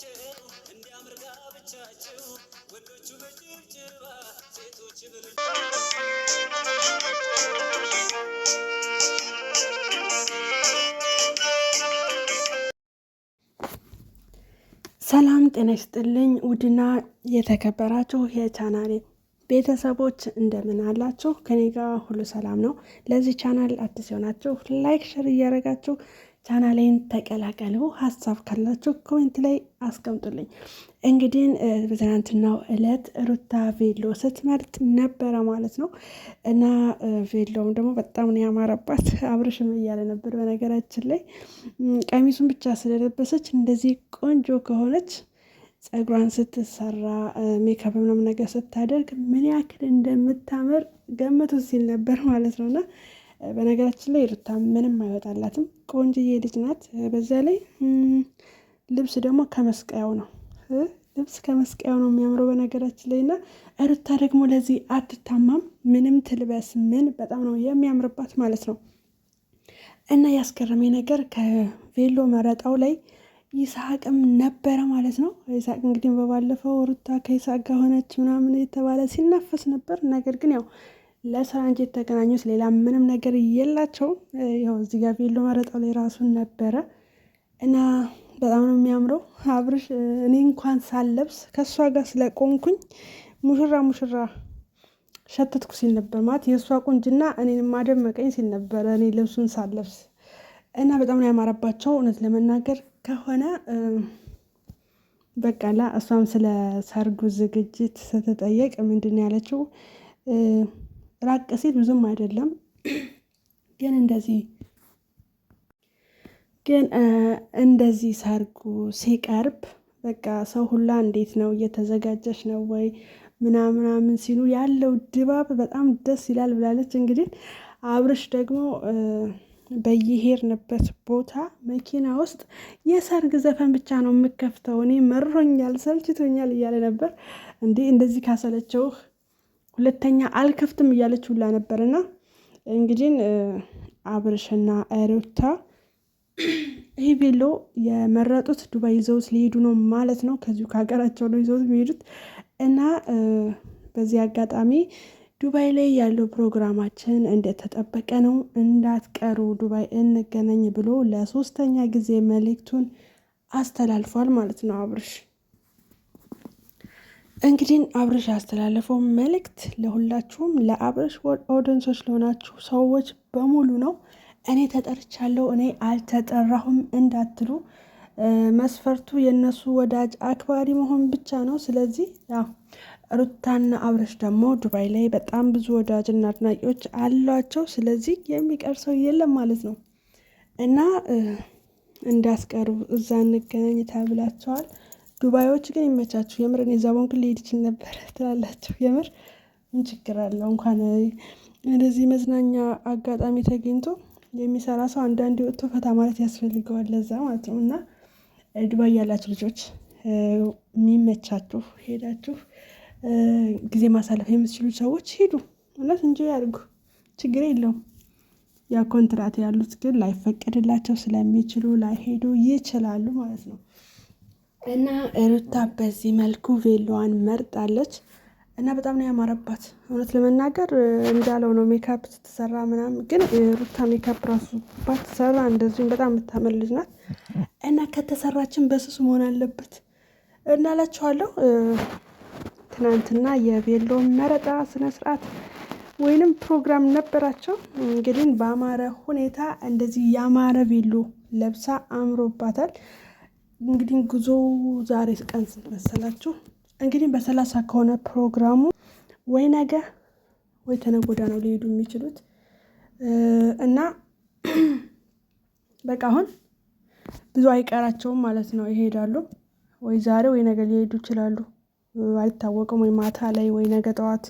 ጋብቻቸው እንዲያምር ጋብቻቸው ወንዶቹ በጭብጭባ ሴቶች ሰላም ጤና ይስጥልኝ። ውድና የተከበራችሁ የቻናሌ ቤተሰቦች እንደምን አላችሁ? ከኔ ጋር ሁሉ ሰላም ነው። ለዚህ ቻናል አዲስ የሆናችሁ ላይክ፣ ሸር እያደረጋችሁ ቻናሌን ተቀላቀሉ። ሀሳብ ካላችሁ ኮሜንት ላይ አስቀምጡልኝ። እንግዲህ በትናንትናው እለት ሩታ ቬሎ ስትመርጥ ነበረ ማለት ነው እና ቬሎውም ደግሞ በጣም ነው ያማረባት። አብርሽም እያለ ነበር በነገራችን ላይ ቀሚሱን ብቻ ስለለበሰች እንደዚህ ቆንጆ ከሆነች ጸጉሯን ስትሰራ ሜካፕ ምናምን ነገር ስታደርግ ምን ያክል እንደምታምር ገምቱ ሲል ነበር ማለት ነውና በነገራችን ላይ ሩታ ምንም አይወጣላትም። ቆንጅዬ ልጅ ናት። በዛ ላይ ልብስ ደግሞ ከመስቀያው ነው ልብስ ከመስቀያው ነው የሚያምረው በነገራችን ላይ እና ሩታ ደግሞ ለዚህ አትታማም። ምንም ትልበስ ምን በጣም ነው የሚያምርባት ማለት ነው። እና ያስገረመኝ ነገር ከቬሎ መረጣው ላይ ይስሐቅም ነበረ ማለት ነው። ይስሐቅ እንግዲህ በባለፈው ሩታ ከይስሐቅ ጋር ሆነች ምናምን የተባለ ሲናፈስ ነበር። ነገር ግን ያው ለስራ እንጂ የተገናኙት ሌላ ምንም ነገር የላቸውም። ያው እዚህ ጋር ቬሎ መረጣው ላይ ራሱን ነበረ እና በጣም ነው የሚያምረው። አብርሽ እኔ እንኳን ሳለብስ ከእሷ ጋር ስለቆንኩኝ ሙሽራ ሙሽራ ሸተትኩ ሲል ነበር ማለት የእሷ ቁንጅና እኔን ማደመቀኝ ሲል ነበረ እኔ ልብሱን ሳለብስ እና በጣም ነው ያማረባቸው። እውነት ለመናገር ከሆነ በቃላ እሷም ስለ ሰርጉ ዝግጅት ስትጠየቅ ምንድን ያለችው ራቅ ሲል ብዙም አይደለም፣ ግን እንደዚህ ግን እንደዚህ ሰርጉ ሲቀርብ በቃ ሰው ሁላ እንዴት ነው እየተዘጋጀች ነው ወይ ምናምናምን ሲሉ ያለው ድባብ በጣም ደስ ይላል ብላለች። እንግዲህ አብርሽ ደግሞ በየሄድንበት ቦታ መኪና ውስጥ የሰርግ ዘፈን ብቻ ነው የምከፍተው እኔ መሮኛል፣ ሰልችቶኛል እያለ ነበር። እንዴ እንደዚህ ካሰለቸውህ ሁለተኛ አልከፍትም እያለች ሁላ ነበርና እንግዲህ አብርሽና ሩታ ይህ ቬሎ የመረጡት ዱባይ ይዘውት ሊሄዱ ነው ማለት ነው። ከዚሁ ከሀገራቸው ነው ይዘውት የሚሄዱት እና በዚህ አጋጣሚ ዱባይ ላይ ያለው ፕሮግራማችን እንደተጠበቀ ነው። እንዳትቀሩ ዱባይ እንገናኝ ብሎ ለሶስተኛ ጊዜ መልእክቱን አስተላልፏል ማለት ነው አብርሽ። እንግዲህ አብርሽ ያስተላለፈው መልእክት ለሁላችሁም ለአብርሽ ኦደንሶች ለሆናችሁ ሰዎች በሙሉ ነው። እኔ ተጠርቻለሁ፣ እኔ አልተጠራሁም እንዳትሉ። መስፈርቱ የእነሱ ወዳጅ አክባሪ መሆን ብቻ ነው። ስለዚህ ያው ሩታና አብርሽ ደግሞ ዱባይ ላይ በጣም ብዙ ወዳጅና አድናቂዎች አሏቸው። ስለዚህ የሚቀር ሰው የለም ማለት ነው እና እንዳስቀሩ እዛ እንገናኝ ተብላቸዋል። ዱባዮች ግን ይመቻችሁ። የምር እኔ እዛ በሆንኩ ልሄድ ይችል ነበር ትላላችሁ። የምር ምን ችግር አለው? እንኳን እንደዚህ መዝናኛ አጋጣሚ ተገኝቶ የሚሰራ ሰው አንዳንድ ወጥቶ ፈታ ማለት ያስፈልገዋል። ለዛ ማለት ነው እና ዱባይ ያላችሁ ልጆች የሚመቻችሁ ሄዳችሁ ጊዜ ማሳለፍ የምትችሉ ሰዎች ሄዱ፣ እውነት እንጂ ያድርጉ፣ ችግር የለውም። ያ ኮንትራት ያሉት ግን ላይፈቀድላቸው ስለሚችሉ ላይሄዱ ይችላሉ ማለት ነው። እና ሩታ በዚህ መልኩ ቬሎዋን መርጣለች እና በጣም ነው ያማረባት። እውነት ለመናገር እንዳለው ነው። ሜካፕ ስትሰራ ምናምን ግን ሩታ ሜካፕ ራሱ ባትሰራ እንደዚሁም በጣም የምታምር ልጅ ናት እና ከተሰራችን በስሱ መሆን አለበት እናላችኋለሁ። ትናንትና የቬሎ መረጣ ስነ ስርዓት ወይንም ፕሮግራም ነበራቸው። እንግዲህ በአማረ ሁኔታ እንደዚህ ያማረ ቬሎ ለብሳ አምሮባታል። እንግዲህ ጉዞ ዛሬ ቀን ስንት መሰላችሁ? እንግዲህ በሰላሳ ከሆነ ፕሮግራሙ ወይ ነገ ወይ ተነጎዳ ነው ሊሄዱ የሚችሉት እና በቃ አሁን ብዙ አይቀራቸውም ማለት ነው። ይሄዳሉ ወይ ዛሬ ወይ ነገ ሊሄዱ ይችላሉ አይታወቅም። ወይ ማታ ላይ ወይ ነገ ጠዋት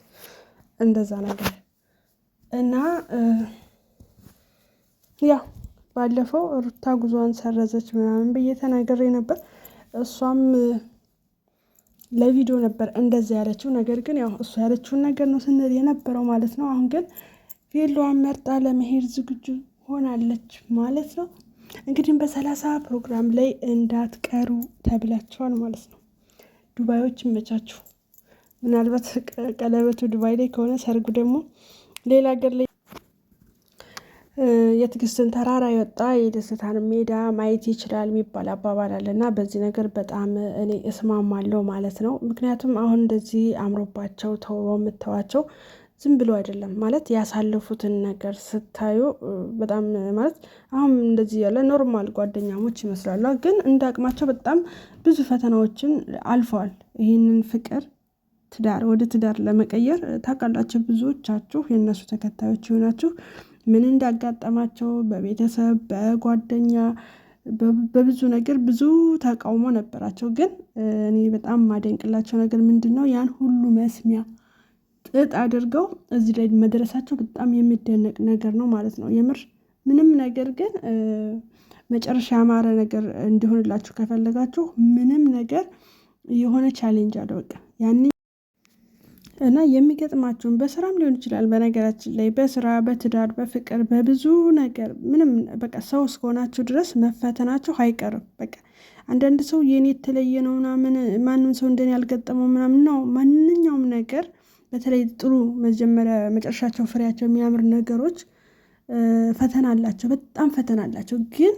እንደዛ ነገር እና ያው ባለፈው ሩታ ጉዞዋን ሰረዘች ምናምን ብዬ ተናግሬ ነበር። እሷም ለቪዲዮ ነበር እንደዛ ያለችው። ነገር ግን ያው እሷ ያለችውን ነገር ነው ስንል የነበረው ማለት ነው። አሁን ግን ቬሎዋን መርጣ ለመሄድ ዝግጁ ሆናለች ማለት ነው። እንግዲህም በሰላሳ ፕሮግራም ላይ እንዳትቀሩ ተብላችኋል ማለት ነው። ዱባዮች ይመቻችሁ። ምናልባት ቀለበቱ ዱባይ ላይ ከሆነ ሰርጉ ደግሞ ሌላ ሀገር ላይ የትግስትን ተራራ የወጣ የደስታን ሜዳ ማየት ይችላል የሚባል አባባል አለ እና በዚህ ነገር በጣም እኔ እስማማለሁ ማለት ነው። ምክንያቱም አሁን እንደዚህ አምሮባቸው ተውበው የምተዋቸው ዝም ብሎ አይደለም ማለት ያሳለፉትን ነገር ስታዩ በጣም ማለት አሁን እንደዚህ ያለ ኖርማል ጓደኛሞች ይመስላሉ፣ ግን እንደ አቅማቸው በጣም ብዙ ፈተናዎችን አልፈዋል። ይህንን ፍቅር ትዳር ወደ ትዳር ለመቀየር ታውቃላችሁ፣ ብዙዎቻችሁ የእነሱ ተከታዮች ይሆናችሁ። ምን እንዳጋጠማቸው በቤተሰብ በጓደኛ በብዙ ነገር ብዙ ተቃውሞ ነበራቸው። ግን እኔ በጣም ማደንቅላቸው ነገር ምንድነው? ያን ሁሉ መስሚያ ጥጥ አድርገው እዚህ ላይ መድረሳቸው በጣም የሚደነቅ ነገር ነው ማለት ነው። የምር ምንም ነገር ግን መጨረሻ ያማረ ነገር እንዲሆንላችሁ ከፈለጋችሁ ምንም ነገር የሆነ ቻሌንጅ አለው በቃ ያኔ እና የሚገጥማችሁን በስራም ሊሆን ይችላል። በነገራችን ላይ በስራ በትዳር በፍቅር በብዙ ነገር ምንም በቃ ሰው እስከሆናችሁ ድረስ መፈተናችሁ አይቀርም። በቃ አንዳንድ ሰው የኔ የተለየ ነው ምናምን ማንም ሰው እንደኔ ያልገጠመው ምናምን ነው። ማንኛውም ነገር በተለይ ጥሩ መጀመሪያ መጨረሻቸው ፍሬያቸው የሚያምር ነገሮች ፈተና አላቸው፣ በጣም ፈተና አላቸው። ግን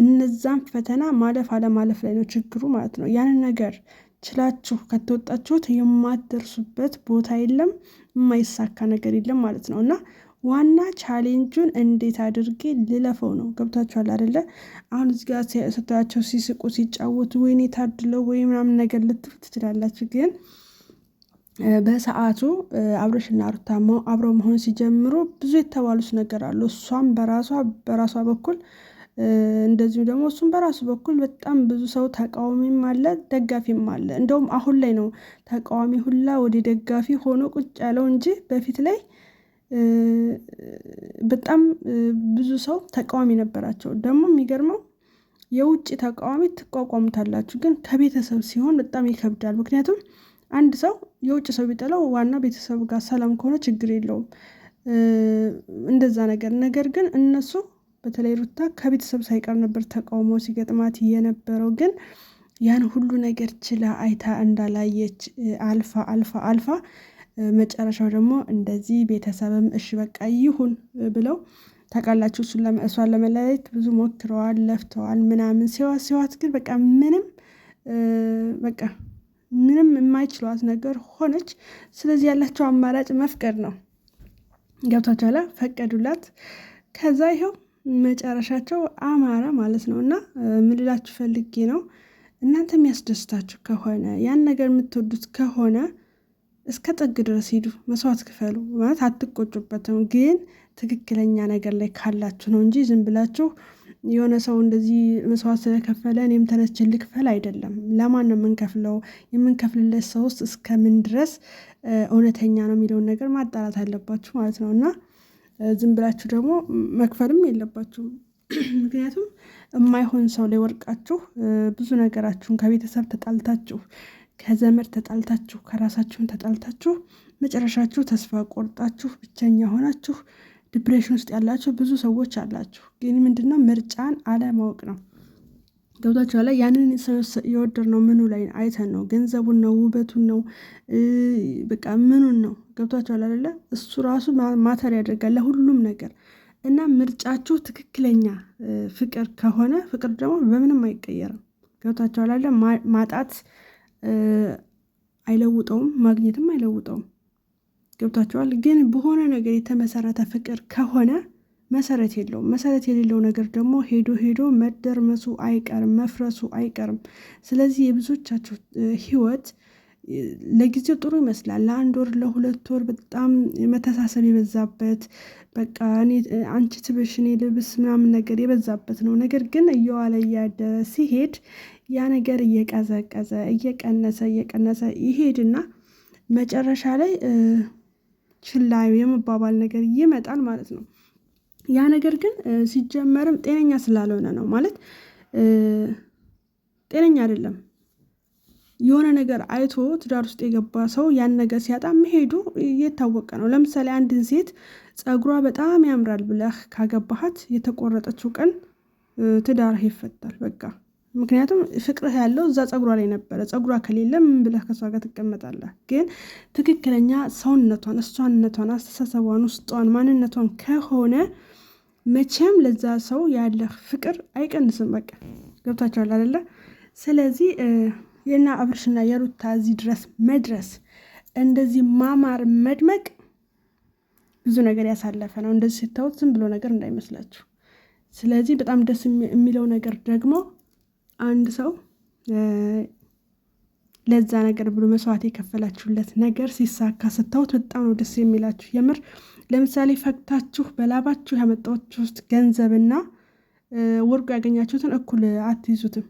እነዛም ፈተና ማለፍ አለማለፍ ላይ ነው ችግሩ ማለት ነው ያንን ነገር ችላችሁ ከተወጣችሁት የማትደርሱበት ቦታ የለም፣ የማይሳካ ነገር የለም ማለት ነው እና ዋና ቻሌንጁን እንዴት አድርጌ ልለፈው ነው። ገብታችኋል አደለ? አሁን እዚህ ጋር ስታያቸው ሲስቁ ሲጫወቱ ወይኔ ታድለው ወይ ምናምን ነገር ልትሉ ትችላላችሁ። ግን በሰዓቱ አብረሽና ሩታ አብረው መሆን ሲጀምሩ ብዙ የተባሉት ነገር አሉ። እሷም በራሷ በራሷ በኩል እንደዚሁ ደግሞ እሱም በራሱ በኩል በጣም ብዙ ሰው ተቃዋሚም አለ ደጋፊም አለ። እንደውም አሁን ላይ ነው ተቃዋሚ ሁላ ወደ ደጋፊ ሆኖ ቁጭ ያለው እንጂ በፊት ላይ በጣም ብዙ ሰው ተቃዋሚ ነበራቸው። ደግሞ የሚገርመው የውጭ ተቃዋሚ ትቋቋሙታላችሁ፣ ግን ከቤተሰብ ሲሆን በጣም ይከብዳል። ምክንያቱም አንድ ሰው የውጭ ሰው ቢጠላው ዋና ቤተሰብ ጋር ሰላም ከሆነ ችግር የለውም እንደዛ ነገር ነገር ግን እነሱ በተለይ ሩታ ከቤተሰብ ሳይቀር ነበር ተቃውሞ ሲገጥማት የነበረው። ግን ያን ሁሉ ነገር ችላ አይታ እንዳላየች አልፋ አልፋ አልፋ መጨረሻው ደግሞ እንደዚህ ቤተሰብም እሺ በቃ ይሁን ብለው ታውቃላችሁ፣ እሷን ለመለያየት ብዙ ሞክረዋል፣ ለፍተዋል፣ ምናምን ሲዋት ሲዋት ግን በቃ ምንም በቃ ምንም የማይችሏት ነገር ሆነች። ስለዚህ ያላቸው አማራጭ መፍቀድ ነው። ገብቷቸኋላ ፈቀዱላት። ከዛ ይኸው መጨረሻቸው አማረ ማለት ነው። እና ምልላችሁ ፈልጌ ነው፣ እናንተ የሚያስደስታችሁ ከሆነ ያን ነገር የምትወዱት ከሆነ እስከ ጥግ ድረስ ሂዱ፣ መስዋዕት ክፈሉ ማለት አትቆጩበትም። ግን ትክክለኛ ነገር ላይ ካላችሁ ነው እንጂ ዝም ብላችሁ የሆነ ሰው እንደዚህ መስዋዕት ስለከፈለ እኔም ተነስቼ ልክፈል አይደለም። ለማን ነው የምንከፍለው? የምንከፍልለት ሰው ውስጥ እስከምን ድረስ እውነተኛ ነው የሚለውን ነገር ማጣራት አለባችሁ ማለት ነው እና ዝም ብላችሁ ደግሞ መክፈልም የለባችሁም። ምክንያቱም የማይሆን ሰው ላይ ወርቃችሁ ብዙ ነገራችሁን ከቤተሰብ ተጣልታችሁ፣ ከዘመድ ተጣልታችሁ፣ ከራሳችሁን ተጣልታችሁ መጨረሻችሁ ተስፋ ቆርጣችሁ ብቸኛ ሆናችሁ ዲፕሬሽን ውስጥ ያላችሁ ብዙ ሰዎች አላችሁ። ግን ምንድነው ምርጫን አለማወቅ ነው። ገብታቸው ላይ ያንን ነው ምኑ ላይ አይተን ነው፣ ገንዘቡን ነው፣ ውበቱን ነው፣ በቃ ምኑን ነው። ገብቷቸዋል አይደለ? እሱ ራሱ ማተር ያደርጋል ለሁሉም ነገር እና ምርጫችሁ ትክክለኛ ፍቅር ከሆነ ፍቅር ደግሞ በምንም አይቀየርም። ገብቷቸዋል አይደለ? ማጣት አይለውጠውም፣ ማግኘትም አይለውጠውም። ገብቷቸዋል። ግን በሆነ ነገር የተመሰረተ ፍቅር ከሆነ መሰረት የለውም። መሰረት የሌለው ነገር ደግሞ ሄዶ ሄዶ መደርመሱ አይቀርም፣ መፍረሱ አይቀርም። ስለዚህ የብዙዎቻቸው ህይወት ለጊዜው ጥሩ ይመስላል። ለአንድ ወር ለሁለት ወር በጣም መተሳሰብ የበዛበት በቃ አንቺ ትብሽ እኔ ልብስ ምናምን ነገር የበዛበት ነው። ነገር ግን እየዋለ እያደረ ሲሄድ ያ ነገር እየቀዘቀዘ እየቀነሰ እየቀነሰ ይሄድና መጨረሻ ላይ ችላዩ የመባባል ነገር ይመጣል ማለት ነው። ያ ነገር ግን ሲጀመርም ጤነኛ ስላልሆነ ነው ማለት ጤነኛ አይደለም። የሆነ ነገር አይቶ ትዳር ውስጥ የገባ ሰው ያን ነገር ሲያጣ መሄዱ የታወቀ ነው። ለምሳሌ አንድን ሴት ጸጉሯ በጣም ያምራል ብለህ ካገባሃት የተቆረጠችው ቀን ትዳርህ ይፈታል በቃ። ምክንያቱም ፍቅርህ ያለው እዛ ፀጉሯ ላይ ነበረ። ፀጉሯ ከሌለ ምን ብለህ ከሷ ጋር ትቀመጣለህ? ግን ትክክለኛ ሰውነቷን፣ እሷነቷን፣ አስተሳሰቧን፣ ውስጧን፣ ማንነቷን ከሆነ መቼም ለዛ ሰው ያለህ ፍቅር አይቀንስም። በቃ ገብታችኋል አይደለ? ስለዚህ የና አብርሽና የሩታ እዚህ ድረስ መድረስ እንደዚህ ማማር መድመቅ ብዙ ነገር ያሳለፈ ነው። እንደዚህ ሲታወት ዝም ብሎ ነገር እንዳይመስላችሁ። ስለዚህ በጣም ደስ የሚለው ነገር ደግሞ አንድ ሰው ለዛ ነገር ብሎ መስዋዕት የከፈላችሁለት ነገር ሲሳካ ስታዩት በጣም ነው ደስ የሚላችሁ። የምር ለምሳሌ ፈግታችሁ በላባችሁ ያመጣችሁት ገንዘብና ወርቆ ያገኛችሁትን እኩል አትይዙትም።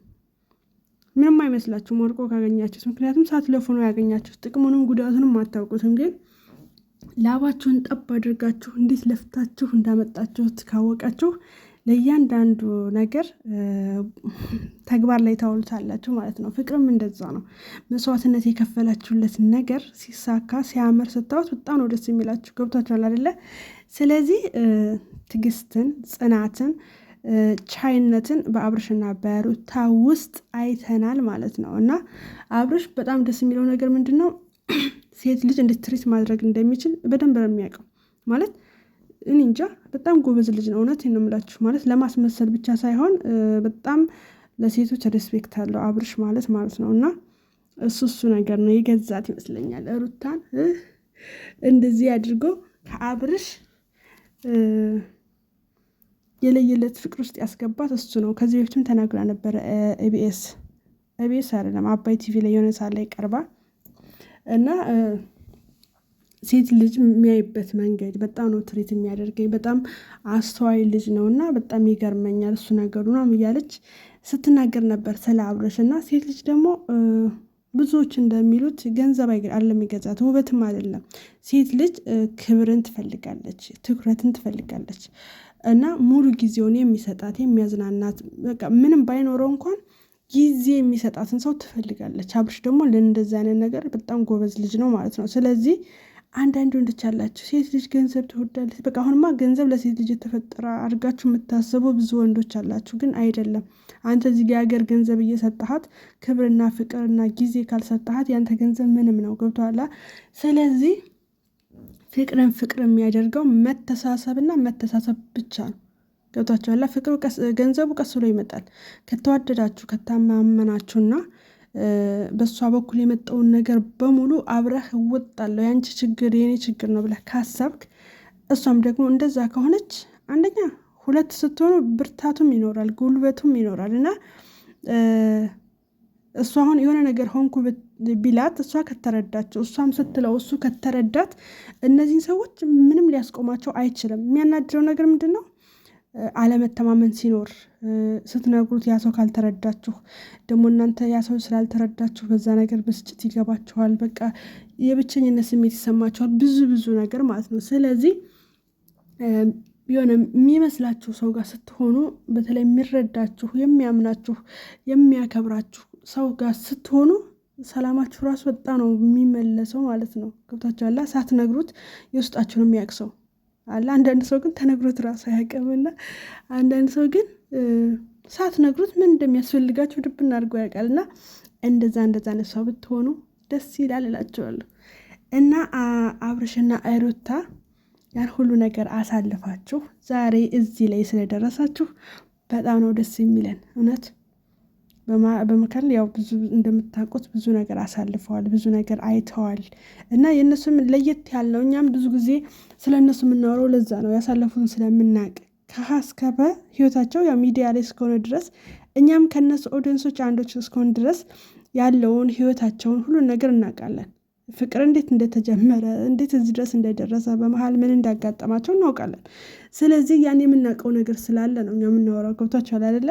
ምንም አይመስላችሁም ወርቆ ካገኛችሁት፣ ምክንያቱም ሳትለፉ ነው ያገኛችሁት። ጥቅሙንም ጉዳቱንም አታውቁትም። ግን ላባችሁን ጠብ አድርጋችሁ እንዴት ለፍታችሁ እንዳመጣችሁት ካወቃችሁ ለእያንዳንዱ ነገር ተግባር ላይ ታውሉታላችሁ ማለት ነው። ፍቅርም እንደዛ ነው። መስዋዕትነት የከፈላችሁለት ነገር ሲሳካ ሲያምር ስታዩት በጣም ነው ደስ የሚላችሁ። ገብቷችኋል አይደለ? ስለዚህ ትግስትን፣ ጽናትን፣ ቻይነትን በአብርሽና በሩታ ውስጥ አይተናል ማለት ነው እና አብርሽ በጣም ደስ የሚለው ነገር ምንድን ነው ሴት ልጅ እንዴት ትሪት ማድረግ እንደሚችል በደንብ ነው የሚያውቀው ማለት እኔ እንጃ በጣም ጎበዝ ልጅ ነው። እውነት ነው የምላችሁ ማለት ለማስመሰል ብቻ ሳይሆን በጣም ለሴቶች ሬስፔክት አለው አብርሽ ማለት ማለት ነው። እና እሱ እሱ ነገር ነው የገዛት ይመስለኛል ሩታን እንደዚህ አድርጎ ከአብርሽ የለየለት ፍቅር ውስጥ ያስገባት እሱ ነው። ከዚህ በፊትም ተናግራ ነበረ። ኤቢኤስ ኤቢኤስ አይደለም አባይ ቲቪ ላይ የሆነ ሳ ላይ ቀርባ እና ሴት ልጅ የሚያይበት መንገድ በጣም ነው ትሬት የሚያደርገኝ። በጣም አስተዋይ ልጅ ነው እና በጣም ይገርመኛል እሱ ነገሩ ነው እያለች ስትናገር ነበር ስለ አብረሽ እና ሴት ልጅ ደግሞ ብዙዎች እንደሚሉት ገንዘብ አይደለም ይገዛት፣ ውበትም አይደለም። ሴት ልጅ ክብርን ትፈልጋለች፣ ትኩረትን ትፈልጋለች እና ሙሉ ጊዜውን የሚሰጣት የሚያዝናናት፣ ምንም ባይኖረው እንኳን ጊዜ የሚሰጣትን ሰው ትፈልጋለች። አብርሽ ደግሞ ለእንደዚህ አይነት ነገር በጣም ጎበዝ ልጅ ነው ማለት ነው። ስለዚህ አንዳንድ ወንዶች አላቸው ሴት ልጅ ገንዘብ ትወዳለች። በቃ አሁንማ ገንዘብ ለሴት ልጅ የተፈጠረ አድርጋችሁ የምታስቡ ብዙ ወንዶች አላችሁ፣ ግን አይደለም። አንተ እዚህ የሀገር ገንዘብ እየሰጠሃት ክብርና ፍቅርና ጊዜ ካልሰጠሃት ያንተ ገንዘብ ምንም ነው። ገብቶሃል? ስለዚህ ፍቅርን ፍቅር የሚያደርገው መተሳሰብና መተሳሰብ ብቻ ነው። ገብቷችኋል? ፍቅሩ ገንዘቡ ቀስሎ ይመጣል ከተዋደዳችሁ ከታማመናችሁና በእሷ በኩል የመጣውን ነገር በሙሉ አብረህ እወጣለሁ፣ የአንቺ ችግር የኔ ችግር ነው ብለህ ካሰብክ፣ እሷም ደግሞ እንደዛ ከሆነች አንደኛ ሁለት ስትሆኑ ብርታቱም ይኖራል፣ ጉልበቱም ይኖራል እና እሷ አሁን የሆነ ነገር ሆንኩ ቢላት እሷ ከተረዳቸው እሷም ስትለው እሱ ከተረዳት እነዚህን ሰዎች ምንም ሊያስቆማቸው አይችልም። የሚያናድረው ነገር ምንድን ነው? አለመተማመን ሲኖር ስትነግሩት ያ ሰው ካልተረዳችሁ ደግሞ እናንተ ያ ሰው ስላልተረዳችሁ በዛ ነገር ብስጭት ይገባችኋል። በቃ የብቸኝነት ስሜት ይሰማችኋል። ብዙ ብዙ ነገር ማለት ነው። ስለዚህ የሆነ የሚመስላችሁ ሰው ጋር ስትሆኑ በተለይ የሚረዳችሁ፣ የሚያምናችሁ፣ የሚያከብራችሁ ሰው ጋር ስትሆኑ ሰላማችሁ ራሱ ወጣ ነው የሚመለሰው ማለት ነው። ገብታችኋላ። ሳትነግሩት የውስጣችሁን የሚያቅሰው ሰው አለ አንዳንድ ሰው ግን ተነግሮት ራሱ አያውቅምና አንዳንድ ሰው ግን ሳትነግሩት ምን እንደሚያስፈልጋችሁ ድብን ያውቃል። ያውቃልና እንደዛ እንደዛ ነሷ ብትሆኑ ደስ ይላል እላቸዋለሁ። እና አብርሽና አይሮታ ያን ሁሉ ነገር አሳልፋችሁ ዛሬ እዚህ ላይ ስለደረሳችሁ በጣም ነው ደስ የሚለን እውነት በመካከል ያው ብዙ እንደምታውቁት ብዙ ነገር አሳልፈዋል፣ ብዙ ነገር አይተዋል እና የእነሱም ለየት ያለው እኛም ብዙ ጊዜ ስለ እነሱ የምናወራው ለዛ ነው ያሳለፉትን ስለምናቅ ከሀ እስከ በ ህይወታቸው ያው ሚዲያ ላይ እስከሆነ ድረስ እኛም ከእነሱ ኦዲየንሶች አንዶች እስከሆነ ድረስ ያለውን ህይወታቸውን ሁሉን ነገር እናውቃለን። ፍቅር እንዴት እንደተጀመረ እንዴት እዚህ ድረስ እንደደረሰ በመሀል ምን እንዳጋጠማቸው እናውቃለን። ስለዚህ ያን የምናውቀው ነገር ስላለ ነው እኛ የምናወራው። ገብቷችኋል አይደለ?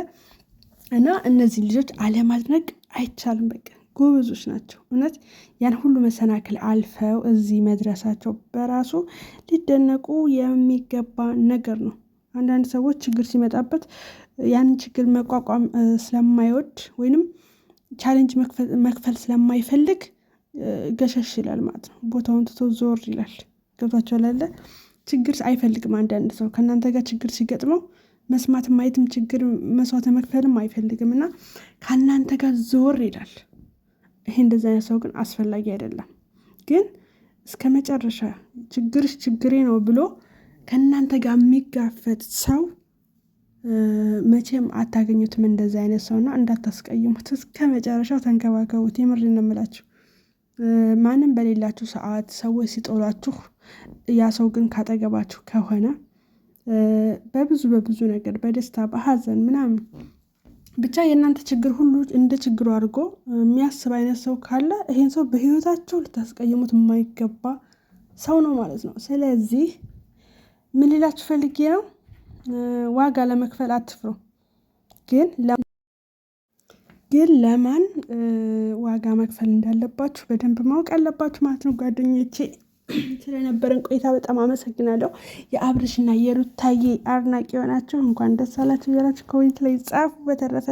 እና እነዚህ ልጆች አለማድነቅ አይቻልም። በቃ ጎበዞች ናቸው። እውነት ያን ሁሉ መሰናክል አልፈው እዚህ መድረሳቸው በራሱ ሊደነቁ የሚገባ ነገር ነው። አንዳንድ ሰዎች ችግር ሲመጣበት ያንን ችግር መቋቋም ስለማይወድ ወይንም ቻሌንጅ መክፈል ስለማይፈልግ ገሸሽ ይላል ማለት ነው። ቦታውን ትቶ ዞር ይላል። ገብቷቸው ላለ ችግር አይፈልግም። አንዳንድ ሰው ከእናንተ ጋር ችግር ሲገጥመው መስማት ማየትም ችግር መስዋዕት መክፈልም አይፈልግም እና ከእናንተ ጋር ዞር ይላል። ይሄ እንደዚህ አይነት ሰው ግን አስፈላጊ አይደለም። ግን እስከ መጨረሻ ችግርሽ ችግሬ ነው ብሎ ከእናንተ ጋር የሚጋፈጥ ሰው መቼም አታገኙትም። እንደዚህ አይነት ሰውና እንዳታስቀይሙት፣ እስከ መጨረሻው ተንከባከቡት። የምር ነው የምላችሁ። ማንም በሌላችሁ ሰዓት ሰዎች ሲጦሏችሁ፣ ያ ሰው ግን ካጠገባችሁ ከሆነ በብዙ በብዙ ነገር በደስታ በሀዘን ምናምን ብቻ የእናንተ ችግር ሁሉ እንደ ችግሩ አድርጎ የሚያስብ አይነት ሰው ካለ ይሄን ሰው በህይወታቸው ልታስቀይሙት የማይገባ ሰው ነው ማለት ነው። ስለዚህ ምን ሌላችሁ ፈልጌ ነው፣ ዋጋ ለመክፈል አትፍሩ። ግን ግን ለማን ዋጋ መክፈል እንዳለባችሁ በደንብ ማወቅ አለባችሁ ማለት ነው ጓደኞቼ። ስለነበረን ቆይታ በጣም አመሰግናለሁ። የአብርሽና የሩታዬ አድናቂ የሆናችሁ እንኳን ደስ አላችሁ እያላችሁ ኮሜንት ላይ ጻፉ። በተረፈ